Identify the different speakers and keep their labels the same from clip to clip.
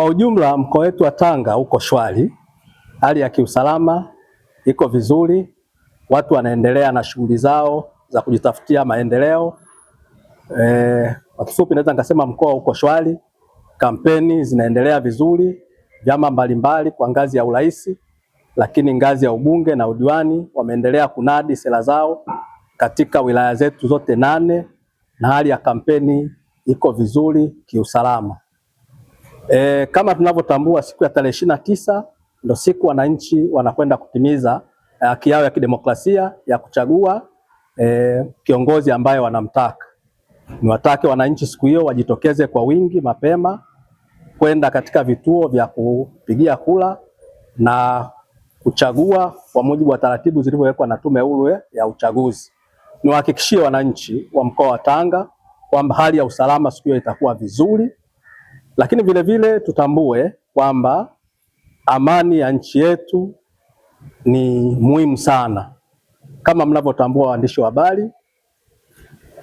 Speaker 1: Kwa ujumla mkoa wetu wa Tanga uko shwari, hali ya kiusalama iko vizuri, watu wanaendelea na shughuli zao za kujitafutia maendeleo. E, kwa kifupi naweza nikasema mkoa uko shwari, kampeni zinaendelea vizuri, vyama mbalimbali kwa ngazi ya urais, lakini ngazi ya ubunge na udiwani wameendelea kunadi sera zao katika wilaya zetu zote nane, na hali ya kampeni iko vizuri kiusalama. E, kama tunavyotambua siku ya tarehe ishirini na tisa ndo siku wananchi wanakwenda kutimiza haki yao ya kidemokrasia ya kuchagua e, kiongozi ambaye wanamtaka. Niwatake wananchi siku hiyo wajitokeze kwa wingi mapema kwenda katika vituo vya kupigia kura na kuchagua kwa mujibu wa taratibu zilivyowekwa na Tume Huru ya Uchaguzi. Niwahakikishie wananchi wa mkoa wa Tanga kwamba hali ya usalama siku hiyo itakuwa vizuri lakini vile vile tutambue kwamba amani ya nchi yetu ni muhimu sana, kama mnavyotambua waandishi wa habari.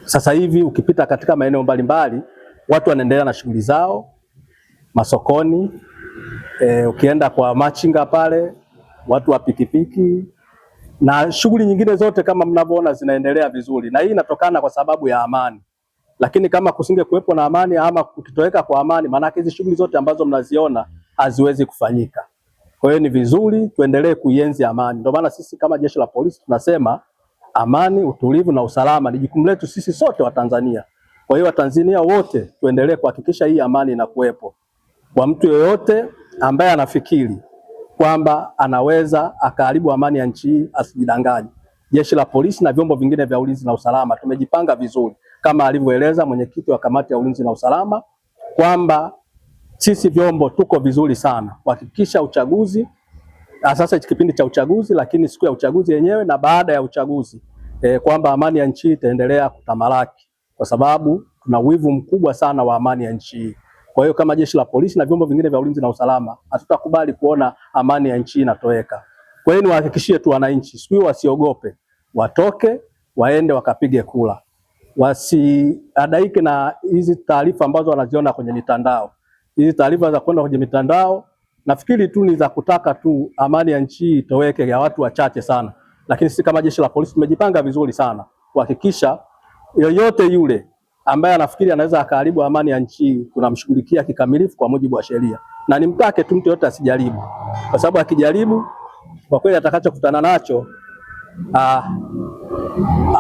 Speaker 1: Sasa hivi ukipita katika maeneo mbalimbali, watu wanaendelea na shughuli zao masokoni. E, ukienda kwa machinga pale, watu wa pikipiki na shughuli nyingine zote kama mnavyoona zinaendelea vizuri, na hii inatokana kwa sababu ya amani lakini kama kusinge kuwepo na amani ama kutotoweka kwa amani, maanake hizi shughuli zote ambazo mnaziona haziwezi kufanyika. Kwa hiyo ni vizuri tuendelee kuienzi amani. Ndio maana sisi kama jeshi la polisi tunasema amani, utulivu na usalama ni jukumu letu sisi sote Watanzania. Kwa hiyo Watanzania wote tuendelee kuhakikisha hii amani inakuwepo. Kwa mtu yeyote ambaye anafikiri kwamba anaweza akaharibu amani ya nchi hii asijidanganye. Jeshi la polisi na vyombo vingine vya ulinzi na usalama tumejipanga vizuri kama alivyoeleza mwenyekiti wa kamati ya ulinzi na usalama kwamba sisi vyombo tuko vizuri sana kuhakikisha uchaguzi sasa kipindi cha uchaguzi, lakini siku ya uchaguzi yenyewe na baada ya uchaguzi e, kwamba amani ya nchi itaendelea kutamalaki, kwa sababu tuna wivu mkubwa sana wa amani ya nchi Kwa hiyo kama jeshi la polisi na vyombo vingine vya ulinzi na usalama hatutakubali kuona amani ya nchi inatoweka. Kwa hiyo niwahakikishie tu wananchi, siku hiyo wasiogope, watoke waende wakapige kula wasiadaike na hizi taarifa ambazo wanaziona kwenye mitandao. Hizi taarifa za kwenda kwenye mitandao nafikiri tu ni za kutaka tu amani ya nchi itoweke ya watu wachache sana, lakini sisi kama jeshi la polisi tumejipanga vizuri sana kuhakikisha yoyote yule ambaye anafikiri anaweza akaharibu amani ya nchi tunamshughulikia kikamilifu kwa mujibu wa sheria, na nimtake tu mtu yote asijaribu, kwa sababu akijaribu, kwa kweli atakachokutana nacho ah,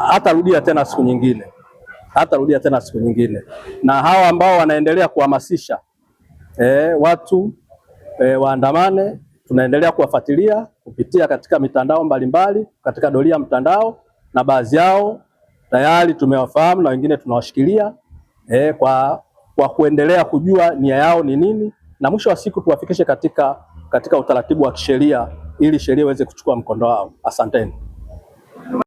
Speaker 1: hatarudia tena siku nyingine hatarudia tena siku nyingine. Na hawa ambao wanaendelea kuhamasisha e, watu e, waandamane, tunaendelea kuwafuatilia kupitia katika mitandao mbalimbali mbali, katika doria mtandao, na baadhi yao tayari tumewafahamu na wengine tunawashikilia e, kwa, kwa kuendelea kujua nia yao ni nini, na mwisho wa siku tuwafikishe katika, katika utaratibu wa kisheria ili sheria iweze kuchukua mkondo wao. Asanteni.